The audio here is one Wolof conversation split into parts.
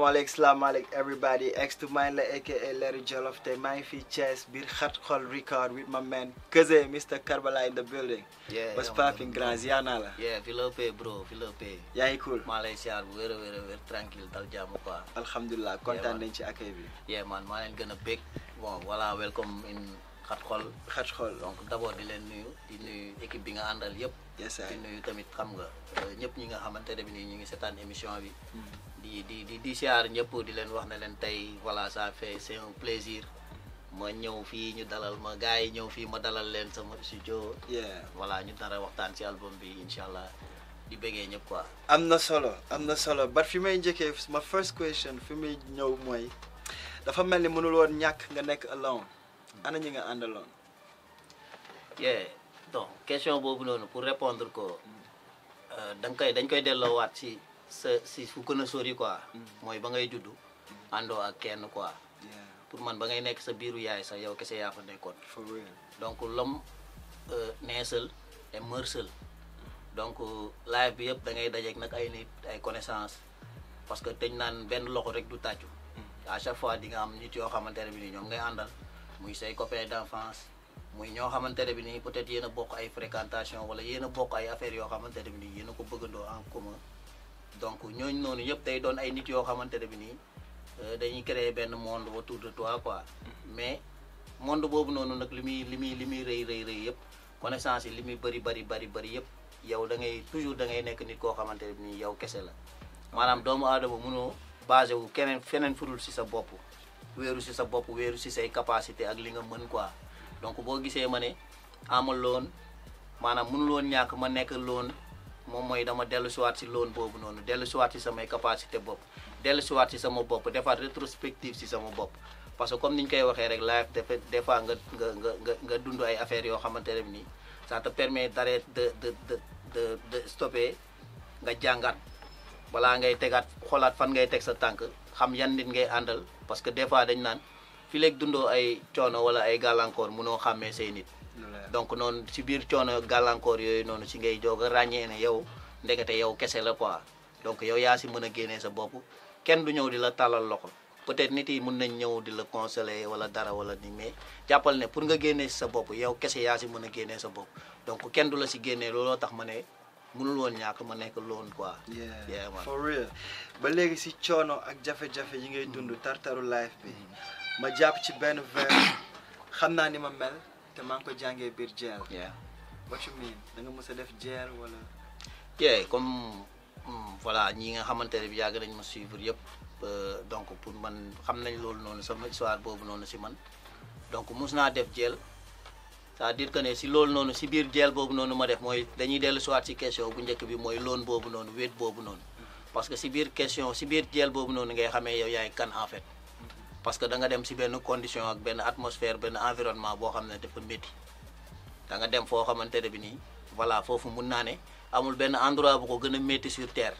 salaamaaleykum salaamaaleykum everybody ex to mine la aka Larry Jolof te maa ngi fii Thiès biir xat xol record with my man Keze Mr Karbala in the building. yeah what's popping grand yaa naa la. yeah la pay bro fi la pay. yaa cool maa lay siyaar bu dal jàmm quoi. alhamdulilah kontaan nañ ci accueil bi. yeah man maa gën a bég bon voilà welcome in xat xol. xat xol donc d' abord di leen nuyu di nuyu équipe bi nga àndal yëpp. di nuyu tamit xam nga euh, ñëpp ñi nga xamante ne bi nii ñu ngi seetaan émission bi. Hmm. di di di di siar ñëpp di len wax na leen tey voilà ça fait c'est un plaisir ma ñëw fii ñu dalal ma gars yi ma dalal len sama studio yeah. voilà ñu dara waxtaan si album bi insha allah di bëggee ñëpp quoi am solo am na solo bat fi may njëkkee ma first question fi muy da mooy dafa mel ni mënul woon ñàkk nga nek alone ana ñi nga àndaloon yeah donc question boobu noonu pour répondre ko euh, da nga koy dañ koy delloowaat si si fu gën a sori quoi hmm. mooy ba ngay judd àndoo hmm. ak kenn quoi pour man ba ngay nekk sa biiru yaay sax yow ya kese yaa fa nekkoon donc l'homme naît seul et meurt seul donc live e, e, bi yëpp da ngay dajeeg nag ay nit ay connaissance parce que teñ naan benn loxo rek du tàccu à chaque fois di nga am nit yoo xamante bi ngay muy say copain d'enfance muy bi peut-être ay fréquentation wala yéen a ay affaires yoo xamante ne bi nii yéen ko en commun donc ñooñ noonu ñëpp tey doon ay nit yoo xamante ne bi nii euh, dañuy créer benn monde autour de toi quoi. mais monde boobu noonu nag li muy li muy li muy rëy rëy rëy yëpp connaissance yi li muy bëri bëri bëri bëri yëpp yow da ngay toujours da ngay nekk nit koo xamante ne bi nii yow kese la maanaam doomu aadama mënoo basé wu keneen feneen furul si sa bopp wéeru si sa bopp wéeru si say capacité ak li nga mën quoi donc boo gisee ma ne amul loon maanaam mënul ñàkk ma nekk loon. moom mooy dama dellusiwaat si loon boobu noonu dellu dellusiwaat si samay capacité bopp dellusiwaat si sama bopp defaat rétrospective si sama bopp parce que comme ni ñu koy waxee rek life dafa des fois nga nga nga nga dund ay affaires yoo xamante ne nii ça te permet d'arrêter de de nga jàngat balaa ngay tegaat xolaat fan ngay teg sa tànk xam yan nit ngay àndal parce que des fois dañ naan fi léegi dundoo ay coono wala ay gàllankoor munoo xàmmee say nit. donc noonu ci biir coono gàllankoor yooyu noonu ci ngay joog a ràññee ne yow ndekete yow kese la quoi donc yow yaa si mën a génnee sa bopp kenn du ñëw di la tàllal loxo peut-être nit yi mun nañ ñëw di la conseiller wala dara wala ni mais jàppal ne pour nga génne si sa bopp yow kese yaa si mën a génnee sa bopp donc kenn du la si génnee looloo tax ma ne munul woon ñàkk ma nekk loon quoi. yeah for ba léegi si coono ak jafe-jafe yi ngay dund mm. tartaru life bi ma jàpp ci benn xam naa ni ma te maa ngi ko jàngee biir jail. yeah what you da nga mës a def jail wala. yeah comme hmm, voilà ñi nga xamante ne bi yàgg nañ ma suivre yëpp donc pour man xam nañ loolu noonu sama histoire boobu noonu si man donc mus naa def jail c'est-à-dire que ne si loolu noonu si biir jail boobu noonu ma def mooy dañuy dellu si waat si question bu njëkk bi mooy loon boobu noonu wéet boobu noonu. Mm-hmm. parce que si biir question si biir jail boobu noonu ngay xamee yow yaay kan en fait. parce que da nga dem ci benn condition ak benn atmosphère benn environnement boo xam ne dafa métti da nga dem foo xamante bi nii voilà foofu mun naa ne amul benn endroit bu ko gën a métti sur terre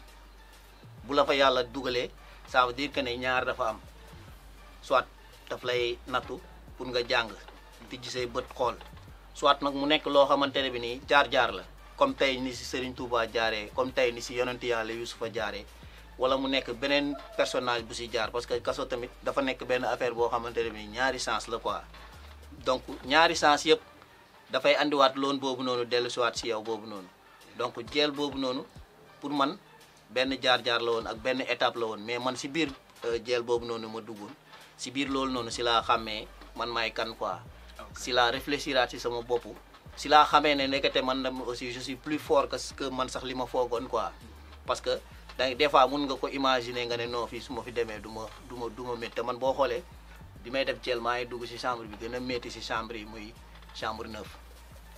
bu la fa yàlla dugalee ça veut dire que ne ñaar dafa am soit daf lay nattu pour nga jàng tijji say bët xool soit nag mu nekk loo bi nii jaar-jaar la comme tey ni si Serigne Touba jaaree comme tey ni si yonent yàlla Yusufa jaaree wala mu nekk beneen personnage bu si jaar parce que kaso tamit dafa nekk benn affaire boo xamante ne bi ñaari sens la quoi donc ñaari sens yëpp dafay andiwaat loon boobu noonu dellu siwaat si yow boobu noonu donc jeel boobu noonu pour man benn jaar-jaar la woon ak benn étape la woon mais man si biir euh, jeel boobu noonu ma duggoon si biir loolu noonu si laa xàmmee man maay kan quoi si laa réfléchiraat si sama bopp si laa xamee ne nekkate man dam aussi je suis plus fort que que man sax li ma foogoon quoi parce que dang des fois mun nga ko imaginé nga ne non fii su ma fi demee du ma du ma du te man boo xoolee bi may def Thiel dugg si chambre bi gën a métti si chambre yi muy chambre neuf.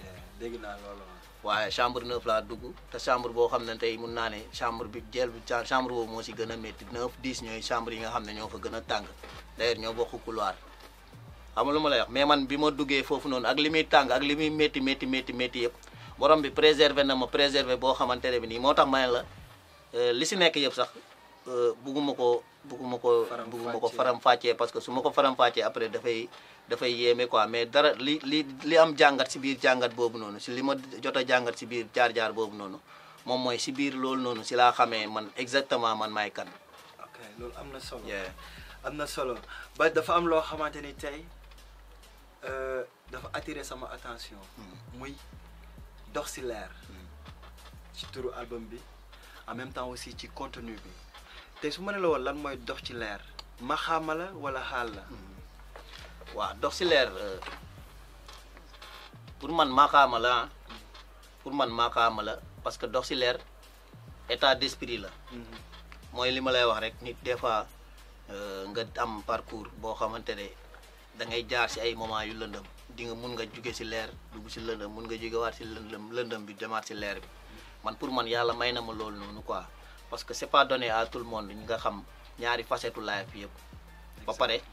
Eh, dégg naa loolu waaye chambre neuf laa dugg te chambre boo xam ne tey mun naa ne chambre bi jël bi chambre boobu moo ci gën a métti neuf dix ñooy chambre yi nga xam ne ñoo fa gën a tàng d'ailleurs ñoo bokk couloir xam lu ma lay wax mais man bi ma duggee foofu noonu ak li muy tàng ak li muy métti métti métti métti yëpp borom bi préserver na ma préserver boo xamante ne bi nii moo tax ma ne la. Euh, li si nekk yëpp sax euh, bugguma ko bugguma ko bugguma ko faram-fàccee parce que su ma ko faram-fàccee après dafay dafay yéeme quoi mais dara li li li am jàngat si biir jàngat boobu noonu si li ma jot a jàngat si biir jaar-jaar boobu noonu moom mooy si biir loolu noonu si laa xamee man exactement man maay kan. loolu am na solo. am na solo ba dafa am loo xamante ni tey euh, dafa attire sama attention. Hmm. muy dox si leer. Hmm. ci turu album bi. en même temps aussi ci contenu bi tey su ma ne mahamala, woon lan mooy dox ci leer maxaama la wala xaal la mhm. waaw dox ci leer euh, pour man maxaama la pour man maxaama la parce que dox ci leer état d'esprit la mhm. mooy li ma lay wax rek nit des fois euh, nga am parcours boo xamante da ngay jaar ci ay moment yu di nga nga ci ci nga ci bi ci bi man pour man yàlla may na ma loolu noonu quoi parce que c'est pas donné à tout le monde ñi nga xam ñaari facette life yëpp. ba pare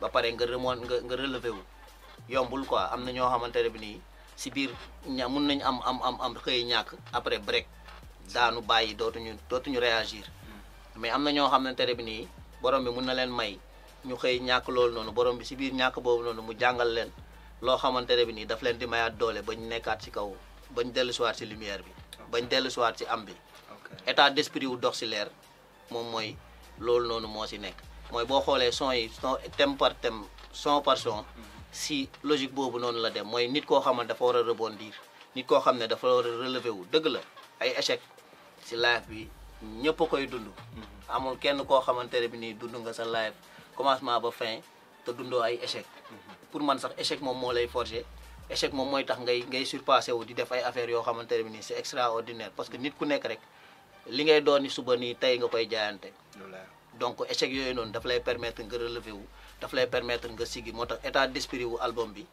ba pare nga remonte nga nga relevé wu yombul quoi am na ñoo xamante ne bi nii si biir ña mun nañ am am am am xëy ñàkk après break daanu bàyyi dootuñu dootuñu réagir hmm. mais am na ñoo xamante ne bi nii borom bi mun na leen may ñu xëy ñàkk loolu noonu borom bi si biir ñàkk boobu noonu mu jàngal leen loo xamante ne bi nii daf leen di mayaat doole ba ñu nekkaat si kaw ba ñu dellusiwaat si lumière bi. bañ dellu siwaat ci am bi état d'esprit wu dox si leer moom mooy loolu noonu moo si nekk mooy boo xoolee son yi son thème par thème son par son mhm. si logique boobu noonu la dem mooy nit koo xamante dafa war a rebondir nit koo xam ne dafa war a relever wu dëgg la ay échec si life bi ñëpp koy dund mhm. amul kenn koo xamante ne bi nii dund nga sa life commencement ba fin te dundoo ay échec mhm. pour man sax échec moom moo lay forger échec moom mooy tax ngay ngay surpassé wu di def ay affaires yoo xamante ne nii c'est extraordinaire parce que nit ku nekk rek li ngay doon suba nii tey nga koy jaayante. donc échec yooyu noonu dafa lay permettre nga relever wu daf lay permettre nga sigi moo tax état d'esprit wu album bi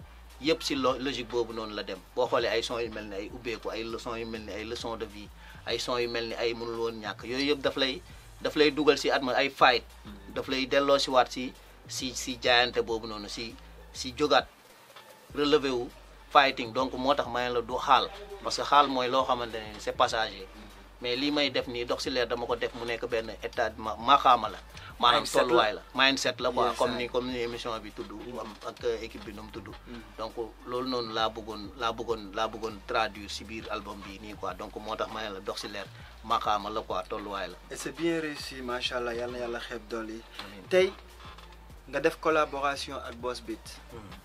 yëpp si logique boobu noonu la dem boo xoolee ay son yu mel ni ay ubbeeku ay leçons yu mel ni ay leçons de vie ay son yu mel ni ay mënul woon ñàkk yooyu yëpp dafa lay daf lay dugal si ma ay faay dafa lay delloo si si si si jaayante boobu noonu si si jógaat relever wu. fighting donc moo tax ma ne la du xaal parce que xaal mooy loo xamante ne c'est passager mais lii may def nii dox si dama ko def mu nekk benn état ma maxaama la. maanaam tolluwaay la mindset la quoi comme ni comme ni bi tudd. am ak équipe bi nu mu tudd. Mm. loolu noonu laa bëggoon laa bëggoon laa bëggoon traduire si biir album bi nii quoi donc moo tax ma ne la dox si leer maxaama la quoi tolluwaay la. et c'est bien réussi macha allah yal na yàlla xeeb dool yi. tey nga def collaboration ak Boss Beat. Mm.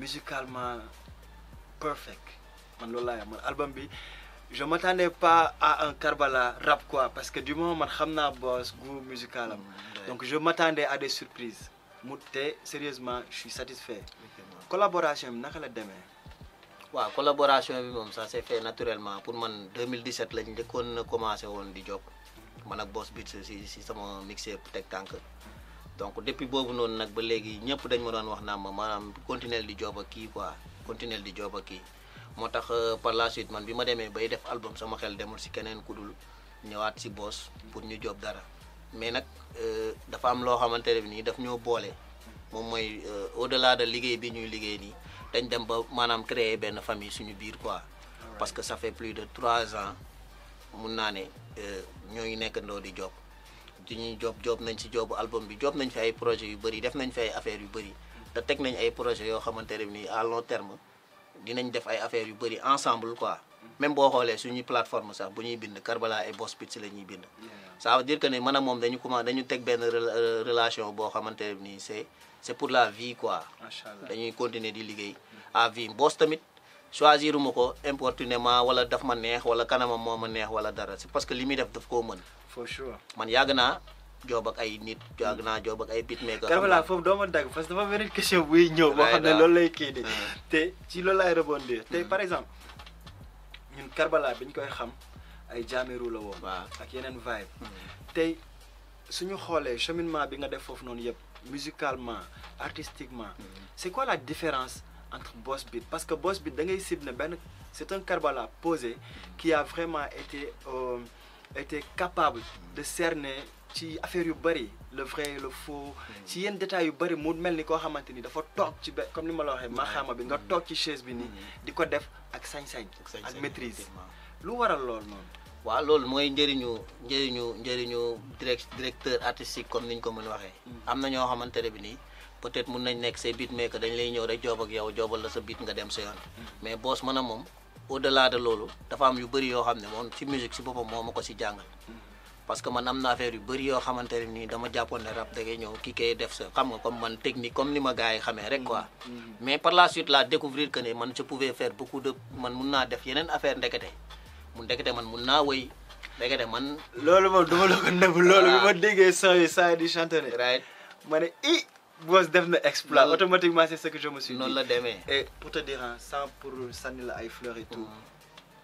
musicalement. perfect man loolu man album bi je m'attendais pas à un Karbala rap quoi parce que du moment man xam un boss goût musical mm, donc je m'attendais à des surprises mu sérieusement je suis satisfait collaboration bi naka la demain. collaboration ça s'est fait naturellement pour man 2017 lañ commence commencé faire du job man Boss beat, c'est sama mixeur peut-être Tank. donc depuis que je suis ba léegi ñëpp dañ ma doon wax naa continuer di job ak quoi continuer di jooba kii moo tax euh, par la suite man bi ma demee bay def album sama xel demul si keneen ku dul ñëwaat si boos pour ñu joob dara mais nag euh, dafa am loo xamante ne nii daf ñoo boole moom mooy euh, au delà de liggéey bi ñuy liggéey nii dañ dem ba maanaam créer benn famille suñu biir quoi parce que ça fait plus de trois ans mun naa ne ñooy nekkandoo di joob di ñuy joob joob nañ si joobu album bi joob nañ fi ay projet yu bari def nañ fi ay affaires yu bëri te teg nañ ay projet yoo xamante ne nii à long terme dinañ def ay affaire yu bëri ensemble quoi même boo xoolee suñu plateforme sax bu ñuy bind Karbala et Boss Pitch la ñuy bind. ça veut dire que ne man ak moom dañu commencé dañu teg benn euh, relation boo xamante ne nii c' est c' est pour la vie quoi. macha dañuy continuer di liggéey à vie Boss tamit. choisiruma ko importunément wala daf ma neex wala kanamam moo ma neex wala dara c'est parce que li muy def daf koo mën. for sure man yàgg naa joob ak ay nit jaag naa joob ak ay beatmaker. Karballah foofu do ma dag parce dafa beneen question bu ñew bo xam ne lay kii ah. té ci loolu lay rebondir té hmm. par exemple ñun Karballah biñ koy xam ay jamiru la wo ak yenen vibe. Hmm. té suñu xolé cheminement bi nga def foofu non yëpp musicalement artistiquement. Hmm. c'est quoi la différence entre boss beat parce que boss beat da ngay ciblé ben c'est un carbala posé qui a vraiment été euh, été capable de cerner ci affaire yu bari le vrai le faux ci yenn détails yu bari mu melni ko xamanteni dafa tok ci comme ni ma la ma xama bi nga tok ci chaise bi ni mm-hmm. diko def ak sañ-sañ ak maîtrise lu waral lool noonu wa loolu moy njëriñu njëriñu njëriñu direct directeur artistique comme niñ ko mën waxe mm. amna ño ñoo bi ni peut-être mun nañ nek ces beat maker dañ lay ñew rek job ak yow jobal la sa beat nga dem sa yoon mm. mais boss mën mom au delà de loolu dafa am yu bari yo xamne mom ci musique ci boppam moo ko ci jangal mm parce que man am na affaire yu bari yoo xamante ni nii dama jàppoon ne rap da ngay ñëw kii kay def sa xam nga comme man technique comme ni ma gars yi xamee rek quoi. Mm, mm, mm. mais par la suite la découvrir que ne man je pouvais faire beaucoup de man mun naa def yeneen affaire ndekete mu ndekete man mun naa wëy ndekete man. loolu moom dama la ko nëbb loolu bi ma déggee saa yi saa di chantonné. right ma ne i boos def na exploit automatiquement c'est ce que je me suis dit. noonu la demee et pour te dire hein, sans pour sànni la ay fleurs et tout.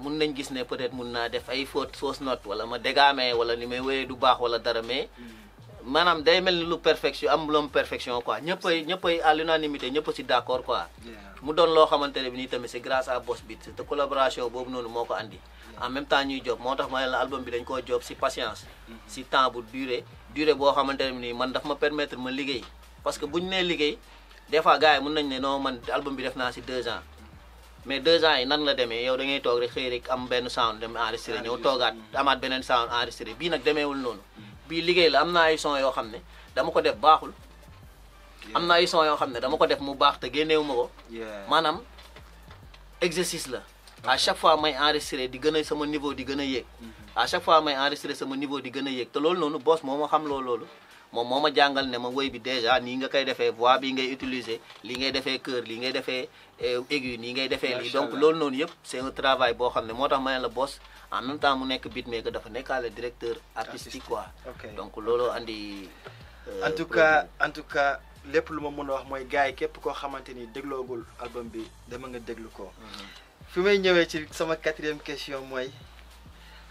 mun nañ gis ne peut-être mun naa def ay faute fausse note wala ma dégaamee wala ni may wéyee du baax wala dara mais maanaam day mel ni lu perfection am loom perfection quoi ñëpp ay ñëpp ay à ñëpp si d'accord quoi mu doon loo xamante ne bi nii tamit c'est grâce à Boss Beats te boobu noonu moo ko andi en même temps ñuy job tax ma ne la album dañ koo job si patience si mm-hmm. temps bu durée durée boo xamante ne bi nii man daf ma permettre ma liggéey parce que bu ñu nee liggéey des fois gars yi mun nañ ne non man album bi def naa si deux ans mais deux ans yi nan la demee yow da ngay toog rek xëy am benn sound dem enregistré ñëw toogaat amaat beneen sound enregistré bii nag demeewul noonu bii liggéey la am na ay son yoo xam ne dama ko def baaxul am na ay son yoo xam ne dama ko def mu baax te génneewu ma ko maanaam exercice la à chaque fois may enregistré di gën a sama niveau di gën a yéeg mm-hmm. à chaque fois may enregistré sama niveau di gën a yéeg te lool noonu boss moo ma xam loo loolu moom moo ma jàngal ne ma woy bi déjà nii nga koy defee voix bi ngay utiliser li ngay defee cœur lii ngay defee eh, aigu nii ngay defee lii donc loolu noonu yëpp seen un boo xam ne moo tax ma ne la bos en même temps mu nekk beatmaker dafa nekkaale directeur artistique quoi donc looloo andi euh, en tout cas en tout cas lépp lu ma mun a wax mooy gars yi képp koo xamante ni dégloogul album bi dama nga déglu ko mhm. fi may ñëwee ci sama quatrième question mooy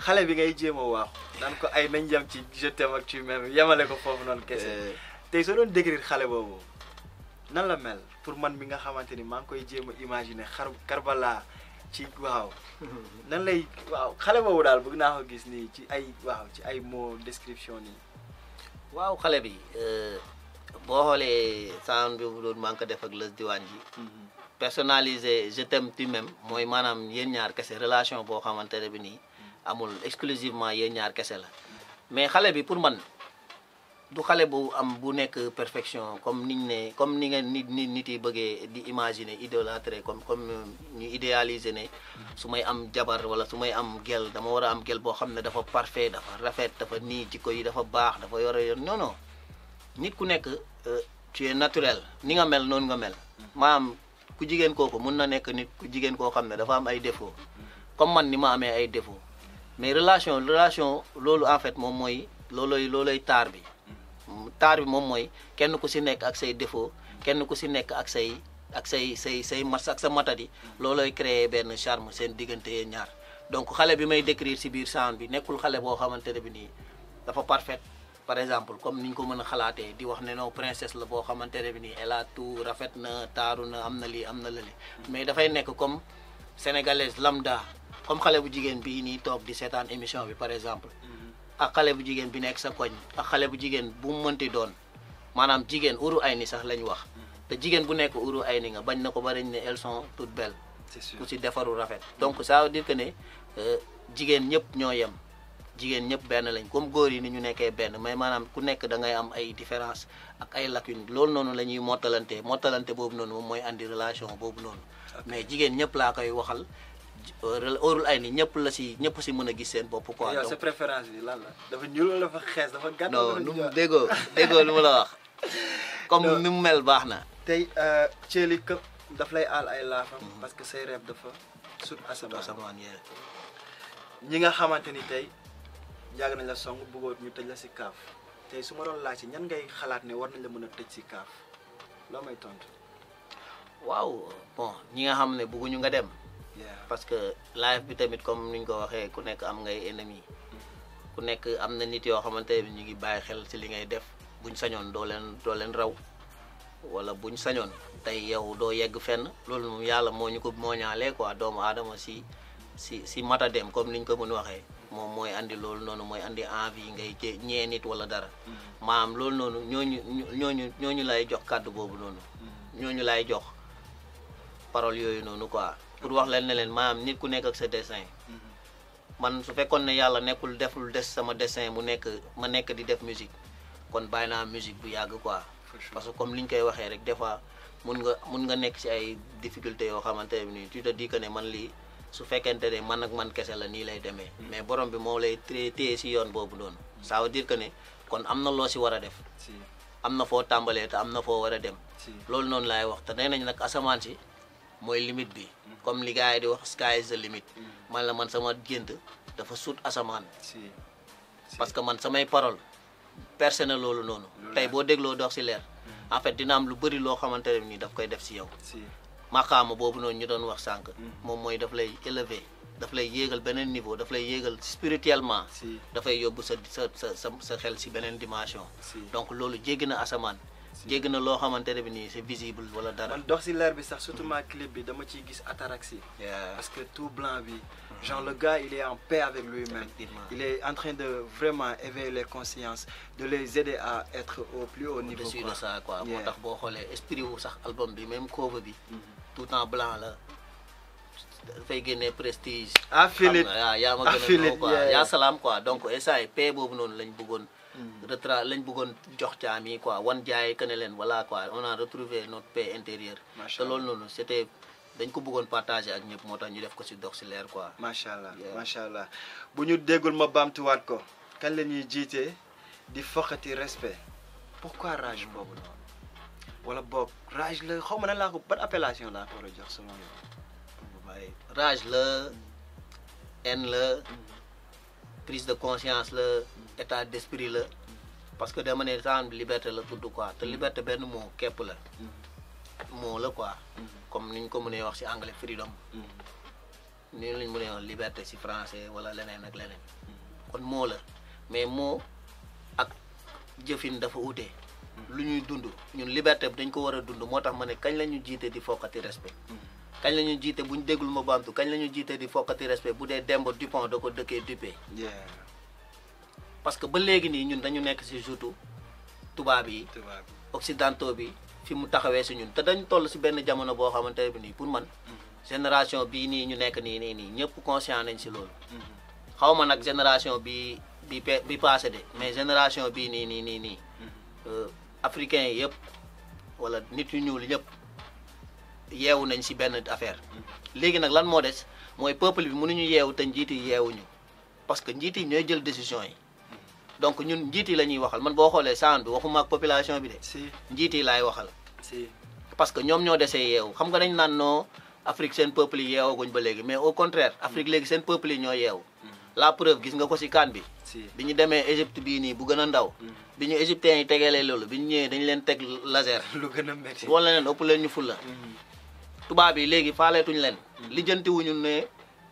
xale bi ngay jéem a waaxu naan ko ay nañ yem ci je t'aime ak tu m'aimes yemale ko foofu noonu kese eh. tey soo doon décrire xale boobu nan la mel pour man mi nga xamante ni maa ngi koy jéem a imaginer xar Karbala ci waaw nan lay waaw xale boobu daal bëgg naa ko gis ni ci ay waaw ci ay mots description ni waaw xale bi euh, boo xoolee saan bi mu doon maa ngi ko def ak Leuz Diwane ji mm-hmm. personnalisé je t'aime tu mooy maanaam yéen ñaar kese relation boo xamante ne bi nii amul exclusivement yéen ñaar kese la mais xale bi pour man du xale bu am bu nekk perfection comme niñ ne comme ni nga nit nit nit yi bëggee di imagine idolâtrer comme comme ñu idéaliser ne su may am jabar wala su may am gel dama war a am gel boo xam ne dafa parfait dafa rafet dafa nii jikko yi dafa baax dafa yore yor non nit ku nekk euh, tu es naturel ni nga mel noonu nga mel maam ku jigéen kooku mun na nekk nit ku jigéen koo xam ne dafa am ay défaut comme man ni ma amee ay défaut mais relation relation loolu en fait moom mooy loolooy loolooy taar bi taar bi moom mooy kenn ku si nekk ak say défaut kenn ku si nekk ak say ak say say say mat ak sa matadi loolooy créer benn charme seen diggante yeen ñaar donc xale bi may décrire si biir sound bi nekkul xale boo xamante ne bi nii dafa parfait par exemple comme ni ñu ko mën a xalaatee di wax ne non princesse la boo xamante ne bi nii elle a rafet na taaru na am na lii am na la li mais dafay nekk comme sénégalaise lambda comme xalé bu jigen bi ni toog di seetaan émission bi par exemple mhm. ak xalé bu jigen bi nek sa koñ ak xalé bu jigen bu mënti doon manam jigen uru ay ni sax lañ wax mhm. te jigen bu nek uru ay ni nga bañ nako ko ba ne elles sont toutes belles ku ci defaru rafet donc ça veut dire que ne euh, jigen ñep ñoo yem jigéen ñëpp lañ comme góor yi ni ñu nekkee ben, mais manam ku nek da ngay am ay différence ak ay lacune lool nonu la motalanté motalanté bobu nonu noonu moom andi relation bobu noonu mais jigen ñep la koy waxal óorul ay ni ñëpp la si ñëpp si mën gis seen bopp quoi. yow sa préférence bi lan la dafa ñuul wala dafa xees dafa gàtt. non nu lu la wax comme mel baax tey euh, Thiely këpp daf lay aal ay laafam. Mhm. parce que say rêve dafa sut asamaan asamaan ñi nga xamante ni tey nañ la song bëggoon ñu la tey su ma doon laaj ñan ngay xalaat ne war nañ la mën a tëj si kaaf may tontu. waaw bon ñi nga nga dem. parce que live bi tamit comme ni ñu ko waxee ku nekk am ngay ennemi ku nekk am na nit yoo xamante ne ñu ngi bàyyi xel ci li ngay def buñ sañoon doo leen doo leen raw wala buñ sañoon tey yow doo yegg fenn loolu moom yàlla moo ñu ko mooñaalee ñaalee quoi doomu aadama si si si dem comme ni ñu ko mën waxee moom mooy indi loolu noonu mooy andi envie ngay ñee nit wala dara mm-hmm. maam loolu noonu ñoo ñu ñooñu lay jox kàddu boobu noonu mm-hmm. ñooñu lay jox parole yooyu noonu quoi pour wax leen ne leen maanaam nit ku nekk ak sa dessin. man su fekkoon ne yàlla nekkul def lu des sama dessin mu nekk ma nekk di def musique kon baay naa musique bu yàgg quoi. parce que comme li ñu koy waxee rek des fois mun nga nekk si ay difficultés yoo xamante ne nii tu te dis man lii su fekkente ne man ak man kese la nii lay demee. Mm. mais borom bi moo lay téye si yoon boobu doon mm. ça veut dire que ne kon am na loo si war a def. am na foo tàmbalee te am na foo war a dem. loolu noonu laay wax te nee nañ nag asamaan si. mooy limite bi comme li gars di wax sky is the limit mm. man la man sama gént dafa suut asamaan parce que man samay parole personnel loolu noonu tey boo dégloo dox si leer mm. en fait lu bëri loo xamante ne nii daf koy def si yow maqaama boobu noonu ñu doon wax sànq mm. moom mooy daf lay élever daf lay yéegal beneen niveau daf lay yéegal spirituellement dafay yóbbu sa sa sa sa xel si beneen dimension donc loolu jéggi na asamaan jégg na loo xamante ne nii c'est visible wala dara. man dox si leer bi sax surtout ma clip bi dama ciy gis ataraxie. parce que tout blanc bi. genre le gars il est en paix avec lui-même. il est en train de vraiment éveiller les consciences de les aider à être au plus haut niveau. au de ça quoi moo tax boo xoolee esprit wu sax album bi même cover bi. Mhm. tout en blanc là. fay génne prestige. affilée xam nga ma quoi yaa salam. quoi donc instant paix boobu noonu lañ bëggoon. Mm. retra euh, lañ bëggoon jox jaam yi quoi wan jaay que ne leen voilà quoi on a retrouvé notre paix intérieure te loolu noonu c'était dañ ko bëggoon partager ak ñëpp moo tax ñu def ko si dox si leer quoi macha allah macha allah bu ñu déggul ma baamtuwaat ko kan la ñuy jiitee di foqati respect pourquoi rage boobu noonu wala boog rage la xaw ma na laa ko ban appellation laa ko war a jox selon yow rage la haine la prise de conscience la état d'esprit la parce que dama ne temps liberté la tudd quoi te mm-hmm. liberté benn moo képp la mm-hmm. moo la quoi mm-hmm. comme ni ñu ko mënee wax ci anglais freedom ni lañ mënee wax liberté ci français walla leneen ak leneen kon moo la mais moo ak jëfin dafa wuute lu ñuy dund ñun liberté bi dañ ko war a dund moo tax ma ne kañ la ñu jiite di fokkati respect kañ la ñuy jiite bu ñu déggul ma baamtu kañ la ñuy jiite di fokkati respect bu dee Demba Dupont da ko dëkkee Dupé. parce que ba léegi nii ñun dañu nekk si jotu tubaab yi. tubaab yi bi fi mu taxawee si ñun te dañu toll si benn jamono boo xamante ne nii pour man mm-hmm. génération bii nii ñu nekk nii nii nii ñëpp conscient nañ si loolu. Mm-hmm. xaw ma nag génération bi bi bi passé de mm-hmm. mais génération bii nii nii nii nii euh, africains yëpp wala nit yu ñuul yëpp. yeewu nañ si benn affaire léegi nag lan moo des mooy peuple bi ñu yeewu te njiit yeewuñu parce que njiit yi ñooy jël décision yi donc ñun njiit yi la ñuy waxal man boo xoolee saan bi waxuma ak bi de. si njiit yi laay waxal. si parce que ñoom ñoo desee yeewu xam nga dañu naan noo Afrique seen peuple yi yeewaguñ ba léegi mais au contraire Afrique léegi seen peuple yi ñoo yeewu. la preuve gis nga ko si kan bi. bi ñu demee Égypte bii nii bu gën a ndaw. Hmm. bi ñu égyptiens yi tegeelee loolu bi ñu ñëwee dañu leen teg laser. lu gën a wala leen ëpp leen ñu fulla hmm. tubaab yi léegi faaleetuñ leen mm-hmm. lijjantiwuñu ne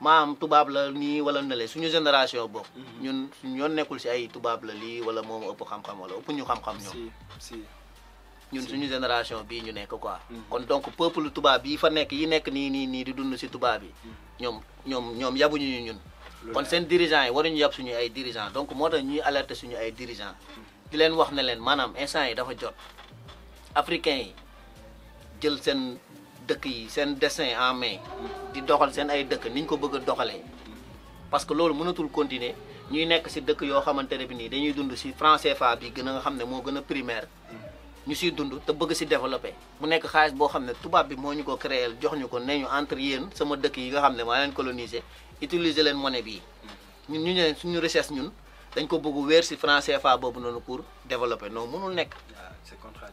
maam tubaab la nii wala nele suñu génération boobu mm-hmm. ñun ñoo nekkul si ay tubaab la lii wala moom ëpp xam-xam wala ëpp ñu xam-xam ñoom ñun suñu génération bii ñu nekk quoi mm-hmm. kon donc peuple tubaab yi fa nekk yi nekk nii nii nii di dund si tubaab yi ñoom ñoom ñoom yabuñu ñu ñun kon seen dirigeants yi waruñu yab suñu ay dirigeants donc moo tax ñuy alerter suñu ay dirigeants di leen wax ne leen maanaam instant yi dafa jot africains yi jël seen dëkk yi seen destin en main di doxal seen ay dëkk niñ ko bëgg doxalé parce que loolu mënatul continuer ñuy nekk ci dëkk yo xamantene bi ni dañuy dund ci français fa bi gëna nga xamné mo gëna primaire ñu ci dund te bëgg ci développer mu nekk xaalis bo xamné ne tubaab bi moo ñu ko créer jox ñu ko ne entre yéen sama dëkk yi nga xamné ma maa leen coloniser utiliser leen monnaie bi ñun ñu ñëw suñu recherche ñun dañ ko bëgg wër ci français fa bobu nonu pour développer non mënul nekk ah,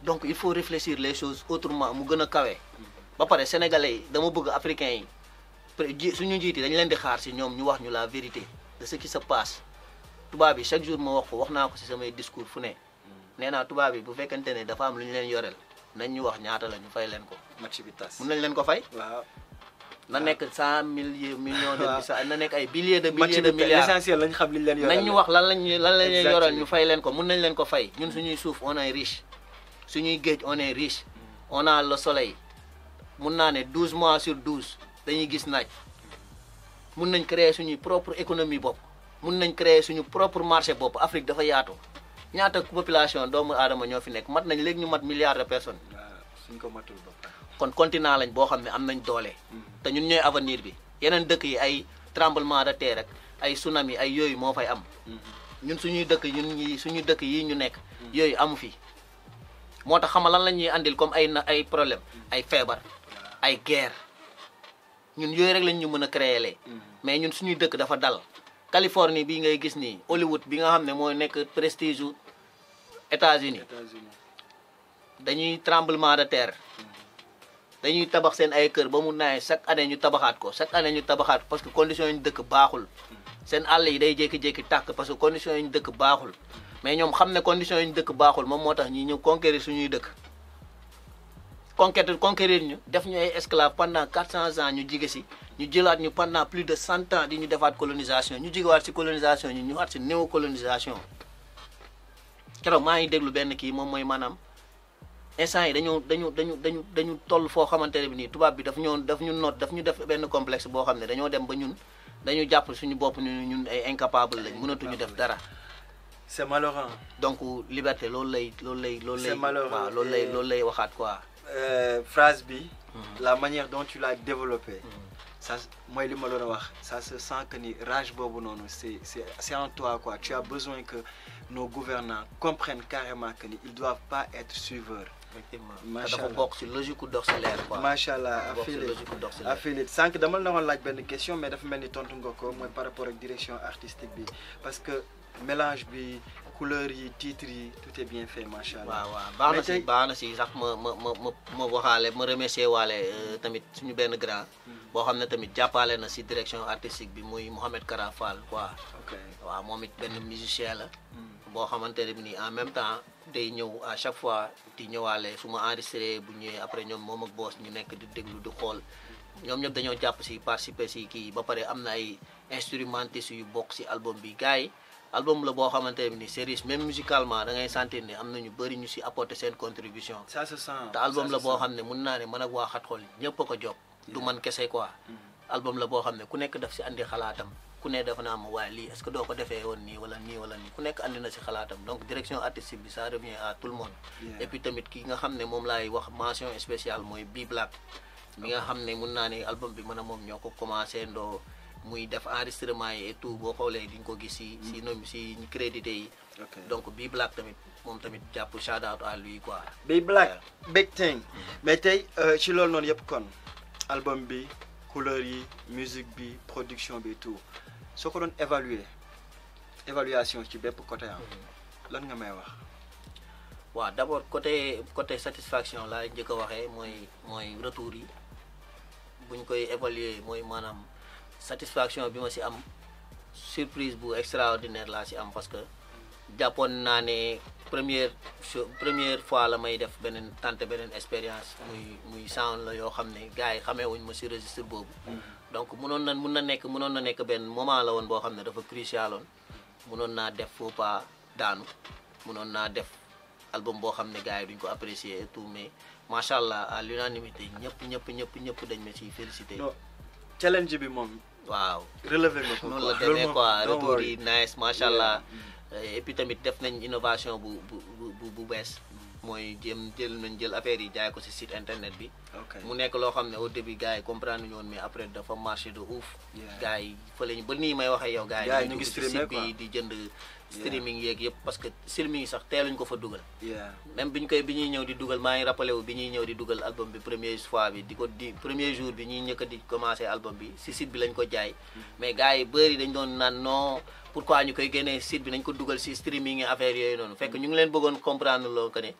donc il faut réfléchir les choses autrement mu gëna kawé ba les sénégalais bëgg africains yi suñu leen di xaar si ñoom ñu wax la vérité de ce qui se passe tuba bi chaque jour ma wax ko wax naa ko si discours fu ne nee naa bi bu fekkente ne dafa am lu ñu leen nañ ñu wax ñaata la fay leen ko. mun ko fay. na millions de na nekk ay billiers de de milliards essentiel lañ xam leen nañ ñu wax lan lan ñu fay ko ko fay. ñun suñuy on est riche suñuy on est riche on a le soleil. mun naa ne douze mois sur douze dañuy gis naaj mun nañ créer suñuy propre économie bopp mun nañ créer suñu propre marché bopp Afrique dafa yaatu ñaata population doomu aadama ñoo fi nekk mat nañ léegi ñu mat milliards de personnes. Ah, suñ ko matul kon continent lañ boo xam ne am nañ doole. Hmm. te ñun ñooy avenir bi yeneen dëkk yi ay tremblement de terre ak ay tsunami ay yooyu moo fay am. Hmm. ñun suñuy dëkk ñun ñi suñu dëkk yi ñu nekk. Hmm. yooyu amu fi moo tax xama lan la ñuy andil comme ay na ay problème ay feebar. ay guerre ñun yooyu rek lañ ñu mën a créer mm-hmm. mais ñun dëkk dafa dal Californie bi ngay gis Hollywood bi nga xam ne mooy nekk prestige u États-Unis dañuy tremblement de terre mm-hmm. dañuy tabax seen ay kër ba mu naay sak année ñu tabaxaat ko chaque année ñu tabaxaat ko parce que condition yi ñu dëkk baaxul mm-hmm. seen àll yi day jékki-jékki tàkk parce que condition ñu dëkk baaxul mais condition ñu dëkk baaxul conquérir suñuy dëkk conquête conquérir ñu def ñu ay esclave pendant 400 ans ñu jigé ci ñu jëlaat ñu pendant plus de 100 ans di ñu defaat colonisation ñu jigé jigewaat ci colonisation ñu ñëwaat si néocolonisation kéro maa ngi déglu benn kii moom mooy manam instant yi dañu dañu dañu dañu dañu toll foo xamantene bi nii tubaab bi daf ñoo daf ñu noot daf ñu def benn complexe boo xam ne dañoo dem ba ñun dañu jàpp suñu bopp ñu ñun ay incapable lañ mënatuñu def dara c'est malheureux donc liberté loolu lay loolu lay loolu lay waaw loolu lay loolu lay waxaat quoi euh, phrase bi la manière dont tu l'as développée ça mooy li ma wax ça se sent que ni rage bobo non c'est c'est c'est en toi quoi tu as besoin que nos gouvernants comprennent carrément que ni ils doivent pas être suiveurs. effectivement te dafa bokk ci logique ku dox si leer quoi. macha allah affilié sànq dama la woon laaj benn question mais dafa mel ni tontu nga ko mooy par rapport ak direction artistique bi parce que mélange bi couleur yi titre yi tout est bien fait machallah wa wa ba na ci ba na si sax ma ma ma ma waxale waxaale ma remercier walé euh, tamit suñu benn grand. Hmm. bo xamné tamit jappalé na ci direction artistique bi muy mohamed Kara Fall quoi. ok wa momit benn musicien la. Hmm. bo xamante ni en même temps day ñëw à chaque fois di ñëwalé su ma enregistré bu ñëwé après ñom mom ak boss ñu nekk di déglu di xol ñom ñëpp dañoo japp si participer si ki ba paré amna ay instrumentiste yu bok ci album bi gaay album la boo xamante ne nii c'est riche même musicalement da ngay sentir ne am na ñu bëri ñu si apporter seen contribution. ça se sent te album la boo xam ne mun naa ne man ak waa xatxol ñëpp a ko job du man kese quoi. Mm-hmm. album la boo xam ne ku nekk def si andi xalaatam. ku ne dafa naa ma waaye lii est-ce que doo ko defee woon nii wala nii wala nii ku nekk andi na si xalaatam donc direction artistique bi ça revient à tout le monde. et tamit ki nga xam ne moom laay wax mention spéciale mooy Bi Black. mi nga xam ne mun naa ne album bi mën a moom ñoo ko commencé ndoo. muy def enregistrement yi et boo xoolee di nga ko gis si si hmm. nomi si crédité yi donc Bi Black tamit moom tamit jàpp shout out à lui quoi Bi Black big thing hmm. mais tey euh, ci loolu noonu yëpp kon album bi couleur yi musique bi production bi et soo ko doon évaluer évaluation ci bépp côté am hmm. lan nga may wax waaw d'abord côté côté satisfaction laa njëkk a waxee mooy mooy retour yi buñ koy évaluer mooy maanaam satisfaction bi ma si am surprise bu extraordinaire laa ci am parce que jàppoon naa ne première première fois la may def beneen tenter beneen expérience muy muy sound la yoo xam ne gars yi xamee wuñ ma si registre boobu donc mënoon na mun na nekk mënoon na nekk benn moment la woon boo xam ne dafa crucial woon mënoon naa def faux pas daanu mënoon naa def album boo xam ne gars yi duñ ko apprécier et tout mais macha allah à l'unanimité ñëpp ñëpp ñëpp ñëpp dañ ma siy félicité challenge bi moom. waaw relevé nga ko noonu la demee quoi yi nice macha allah. et puis tamit def nañ innovation bu bu bu bu bees. mooy jëm jël nañ jël affaire yi jaay ko ci site internet bi. mu nekk loo xam ne au début gars yi comprendre woon mais après dafa marché de ouf. gars yi fa lañu ba nii may waxee yow. gars yi ñu ngi streamer quoi yi ñu ngi bi di jënd. streaming yeeg yëpp parce que film sax teeluñ ko fa dugal. même biñ koy bi ñuy ñëw di dugal maa ngi rappelé wu bi ñuy ñëw di dugal album bi première fois bi di ko di premier jour bi ñuy ñëkk di commencé album bi si site bi lañ ko jaay. Mm-hmm. mais gars yi bëri dañ doon naan non pourquoi ñu koy génnee site bi nañ ko dugal si streaming yi affaire yooyu noonu fekk ñu ngi leen bëggoon comprendre loo que ne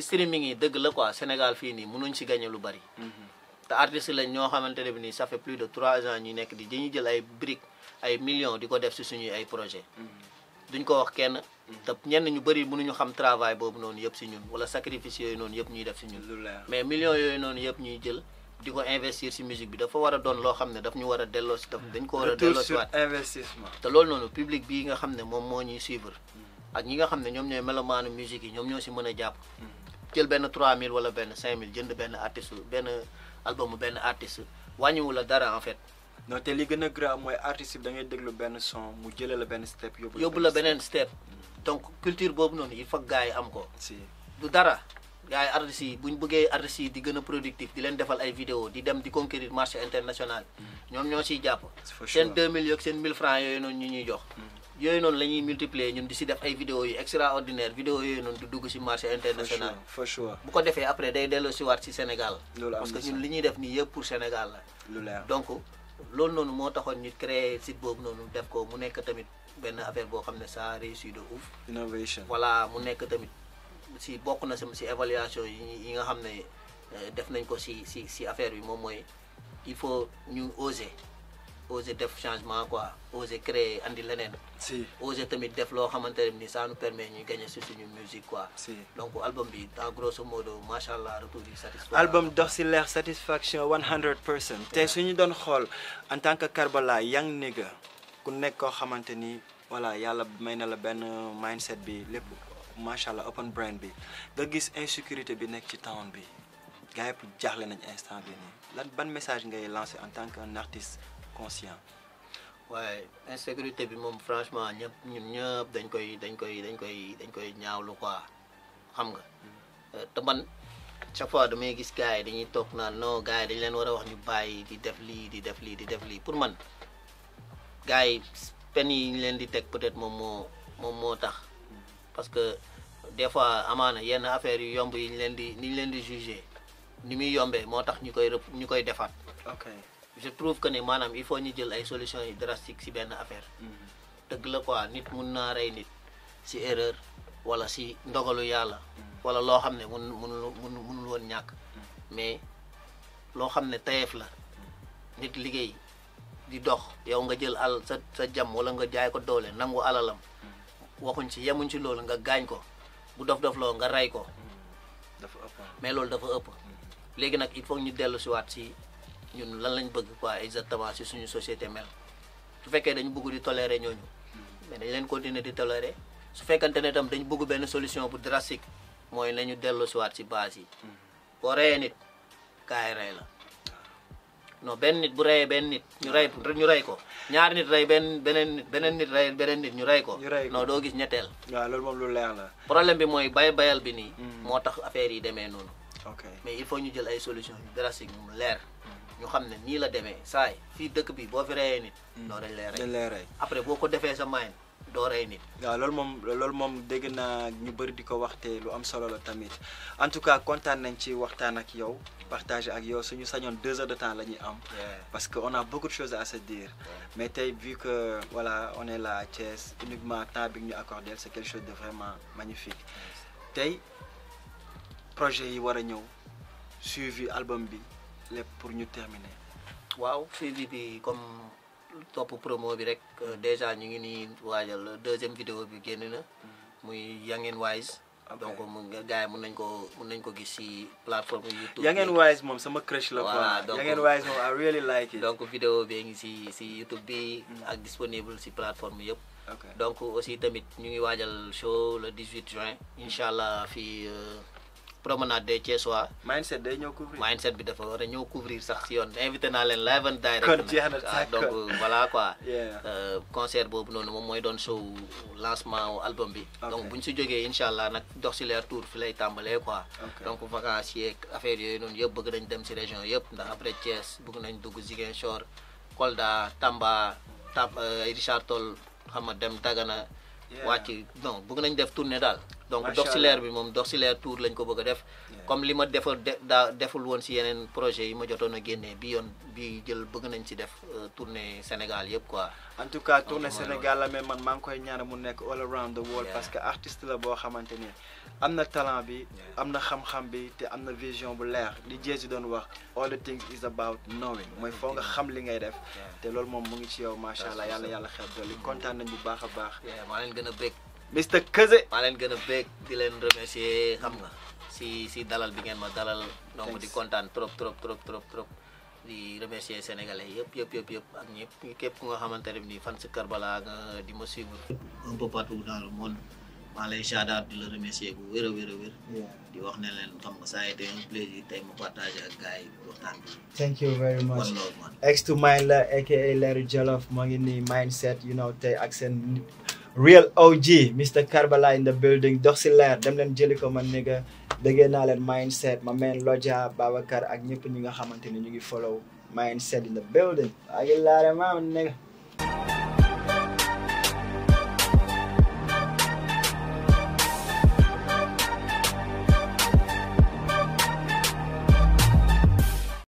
streaming yi dëgg la quoi Sénégal fii nii mënuñ si gagné lu bari. Mm-hmm. te artistes lañ ñoo xamante ne bi ça fait plus de trois ans ñu nekk di dañuy jël ay briques ay millions di ko def si suñuy ay projets. Mm-hmm. duñ ko wax kenn te ñenn ñu bëri mënuñu xam travail boobu noonu yëpp si ñun wala sacrifice yooyu noonu yëpp ñuy def si ñun mais million yooyu noonu yëpp ñuy jël di ko investir si musique bi dafa war a doon loo xam ne daf ñu war a delloo si daf dañ ko war a delloo si waat te loolu noonu public bi nga xam ne moom moo ñuy suivre ak ñi nga xam ne ñoom ñooy melomaanu musique yi ñoom ñoo si mën a jàpp jël benn 3000 wala benn mille jënd benn artiste benn albumu benn artiste wàññiwu la dara en fait non te li gën a grave artiste bi da ngay déglu benn son mu jëlee la benn step. yóbbu la la step. donc culture bobu non, il faut gaay am ko. si du dara. gaay artiste, artistes yi bu ñu bëggee yi di gën a productif di leen defal ay vidéo di dem di conquérir marché international. Hmm. ñoom ñoo siy jàpp. seen 2000 yooyu seen 1000 francs yooyu noonu ñu ñuy jox. Hmm. yooyu noonu la ñuy multiplier ñun di si def ay vidéo yu extraordinaire vidéo yooyu noonu di dugg si marché international. bu ko defee après day delloo si waat si Sénégal. parce que ñun li ñuy def nii yëpp pour Sénégal la. donc loolu noonu moo taxoon ñu créer site boobu noonu def ko mu nekk tamit benn affaire boo xam ne ça réussit de ouf. innovation voilà mu nekk tamit si bokk na si évaluation yi yi nga xam ne euh, def nañ ko si si si affaire bi moom mooy il faut ñu ose oser def changement quoi oser créer andi lenen si oser tamit def lo xamante ne ça nous permet ñu gagner sur suñu musique quoi. si donc album bi ta grosso modo machallah allah retour yi satisfaction. album dox si satisfaction 100% te suñu doon xol en tant que Karbala young nega ku nek ko xamanteni ni voilà yàlla may na la benn mindset bi lepp machallah open brain bi da gis insécurité bi nek ci town bi gars pour jaxlé nañ instant bi ni lan ban message ngay lancer en tant qu'un artiste. conscient. waaye insécurité bi moom franchement ñëpp ñun ñëpp dañ koy dañ koy dañ koy dañ koy ñaawlu quoi xam nga euh, te man chaque fois damay gis gars yi dañuy toog naan non gars dañ leen war a wax ñu bàyyi di def lii di def lii di def lii pour man gars yi peine yi ñu leen di teg peut-être moom moo moom moo tax parce que des fois amaana yenn affaires yu yomb yi ñu leen di ni leen di jugé ni muy yombee moo tax ñu koy ñu koy defaat. je trouve que ne maanaam il faut ñu jël ay solution yu drastique si benn affaire hmm. dëgg la quoi nit mun naa rey eh, nit si erreur wala si ndogalu yàlla ya hmm. wala loo xam ne mun munul munul woon ñàkk mais hmm. loo xam ne la nit liggéey di dox yow ya nga jël al sa sa jam wala nga jaay ko doole nangu alalam waxuñ si yemuñ si loolu nga gaañ ko bu dof-dof loo nga rey ko mais loolu dafa ëpp léegi nag il faut ñu dellu siwaat si ñun lan lañ bëgg quoi exactement ci suñu société mel su fekkee dañu bëgg di tolérer ñooñu mais dañ leen continuer di tolérer su fekkante ne tam dañu bëgg benn solution bu drastique mooy nañu dellu siwaat ci base yi boo reyee nit kaay rey la non benn nit bu reyee benn nit ñu rey ñu rey ko ñaari nit rey benn beneen nit beneen nit rey beneen nit ñu rey ko non doo gis ñetteel waaw loolu lu leer la problème bi mooy bay bayal bi nii hmm. moo tax affaire yi demee noonu mais il faut ñu jël ay solution yu mu leer ñu xam ne nii la demee saay fii dëkk bi boo fi ni nit. noo dañ lay rey après boo ko defee sa main doo rey nit. waaw loolu moom loolu moom dégg naa ñu bëri di ko waxte lu am solo la tamit en tout cas kontaan nañ ci waxtaan ak yow partager ak yow suñu sañoon deux heures de temps la am. parce que on a beaucoup de choses à se dire. mais tey vu que voilà on est là à Thiès uniquement temps bi ñu accordé c'est quelque chose de vraiment magnifique tey projet yi war a ñëw suivi album bi. lépp pour ñu terminer. waaw suivi bi comme topp promo bi rek euh, déjà ñu ngi nii waajal deuxième vidéo bi génn na. Mm-hmm. muy Young and Wise. donc mu nga gars yi mun nañ ko mun nañ ko gis si plateforme YouTube. Young and Wise moom sama crush la. voilà donc Young and Wise moom I really like it. donc vidéo bee ngi si si YouTube bi. Mm-hmm. ak disponible si plateforme yëpp. donc aussi tamit ñu ngi waajal show le 18 juin. Mm-hmm. incha allah fii. Euh, promenade des Thiessois. mindset day ñëw couvrir mindset bi dafa war a ñëw couvrir sax si yoon invité naa leen live and direct. jeex na ah, donc voilà quoi. Euh, concert boobu noonu moom mooy doon show lancement album bi. donc bu ñu si jógee incha allah nag dox si leer tour fi lay tàmbalee quoi. donc vacances yeeg affaire yooyu noonu yëpp bëgg nañ dem si région yëpp ndax après Thiès bëgg nañ dugg Ziguinchor Kolda Tamba Tam euh, Richard tol xam nga dem Dagana. wàcc non bëgg nañ def tournée daal donc dox si leer bi moom dox si leer tour lañ ko bëgg a def comme li ma defa de daa deful woon si yeneen projet yi ma jotoon a génnee bi yoon bi jël bëgg nañ ci def euh, tournée Sénégal yëpp quoi en tout cas tournée Sénégal a mais man maa ngi koy ñaan mu nekk all around the world parce que artist la boo xamante ni am na talent bi am na xam-xam bi te am na vision bu leer li Jay-Z doon wax all the things is about knowing mooy foo nga xam li ngay def te loolu moom mu ngi ci yow macha allah yàlla yàlla xel dolli kontaan nañ bu baax a baax. maa leen gën a bég. Mr Keuze. maa leen gën a di leen remercier xam nga si si dalal bi ngeen ma dalal. donc di content. trop trop trop trop trop. di remercier sénégalais yëpp yëpp yëpp yëpp ak ñëpp képp ku nga xamante ne nii fan si Karbala nga di ma suivre un peu partout dans le monde. Malaysia lay shout out di la remercier bu wér a wér a wér di wax ne leen xam nga ça été un plaisir tey ma partage ak gars yi thank you very much one love man x to mine la aka Leru Jolof moo ngi nii mindset you know tey ak seen real OG Mr Karbala in the building dox si leer dem leen jëli ko man nigga déggee naa leen mindset ma meen Lodja Babacar ak ñëpp ñi nga xamante ñu ngi follow mindset in the building agi laare maam nigga